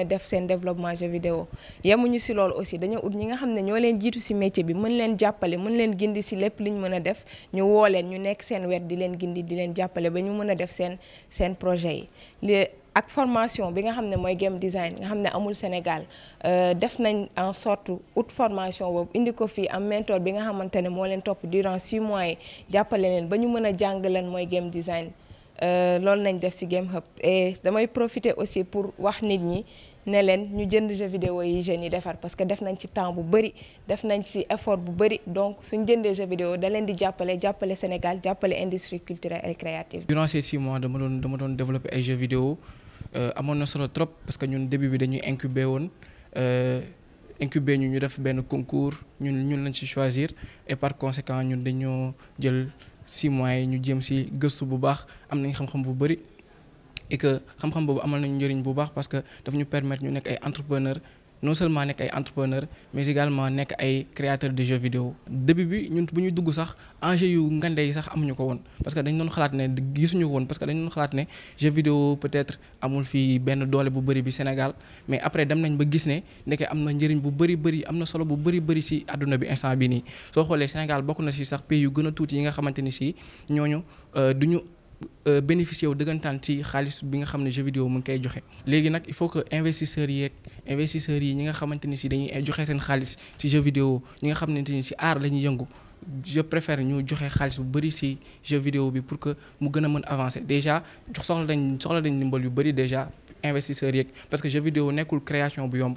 a def seen développement jeu vidéo ñu si loolu aussi dañoo ut ñi nga xam ne ñoo leen jiitu si métier bi mën leen jàppale mën leen gindi si lépp li liñ mën a def ñu woo leen ñu nekk seen wet di leen gindi di leen jàppale ba ñu mën a def seen seen projet yi li ak formation bi nga xam ne mooy game design nga xam ne amul Sénégal euh, def nañ en sorte out formation boobu indi ko fii am mentor bi nga xamante ne moo leen topp durant six mois yi jàppale leen ba ñu mën a jàng lan mooy game design Euh, loolu nañ def ci Game Hub et damay profiter aussi pour wax nit ñi ne leen ñu jënd jeux vidéo yi jeunes yi defar parce que def nañ ci temps bu bëri def nañ ci effort bu bëri donc suñ jëndee jeux vidéo da leen di jàppale jàppale Sénégal jàppale industrie culturelle et créative. durant ces six mois dama doon dama doon développer ay jeux vidéo euh, amoon na solo trop parce que ñun début bi dañuy incubé woon euh, incubé ñu ñu def benn concours ñun ñun lañ ci choisir et par conséquent ñun dañoo jël. six mois yi ñu jëm si gëstu bu baax am nañ xam-xam bu bëri et que xam-xam boobu amal nañu njëriñ bu baax parce que daf ñu permettre ñu nekk ay entrepreneur non seulement nek ay entrepreneur mais également nek ay créateur de jeux vidéo début bi ñun bu ñuy dugg sax enjeu yu ngandé sax amuñu ko won parce que dañ doon xalaat né gisuñu won parce que dañ doon xalaat né jeux vidéo peut-être amul fi ben doole bu bari bi Sénégal mais après dem nañ ba gis né nek am na njëriñ bu bari bari amna solo bu bari bari si aduna bi instant bi ni so xolé Sénégal bokku na si sax pays yu gëna a tuuti yi nga xamanteni ci ñoñu euh, duñu euh, bénéficier wu dëggantaan ci xaalis bi nga xam ne jeu vidéo mu ngi koy joxe léegi nag il faut que investisseurs yi yeeg investisseurs yi ñi nga xamante ni si dañuy joxe seen xaalis ci jeu vidéo ñi nga xamante ni si aar la yëngu je préfère ñu joxe xaalis bu bëri ci jeu vidéo bi pour que mu gën a mën avancer déjà soxla dañ soxla dañ ndimbal yu bëri déjà investisseurs yeeg parce que jeu vidéo nekkul création bu yomb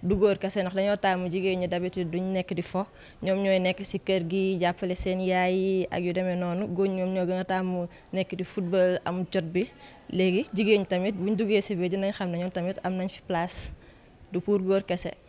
du góor kese ndax dañoo taamu jigéen ñi d'habitude duñ nekk di fo ñoom ñooy nekk si kër gi jàppale seen yaay yi ak yu demee noonu góor ñoom ñoo gën a taamu nekk di football am jot bi léegi jigéen ñi tamit buñ duggee si biir dinañ xam ne ñoom tamit am nañ fi place du puur góor kese.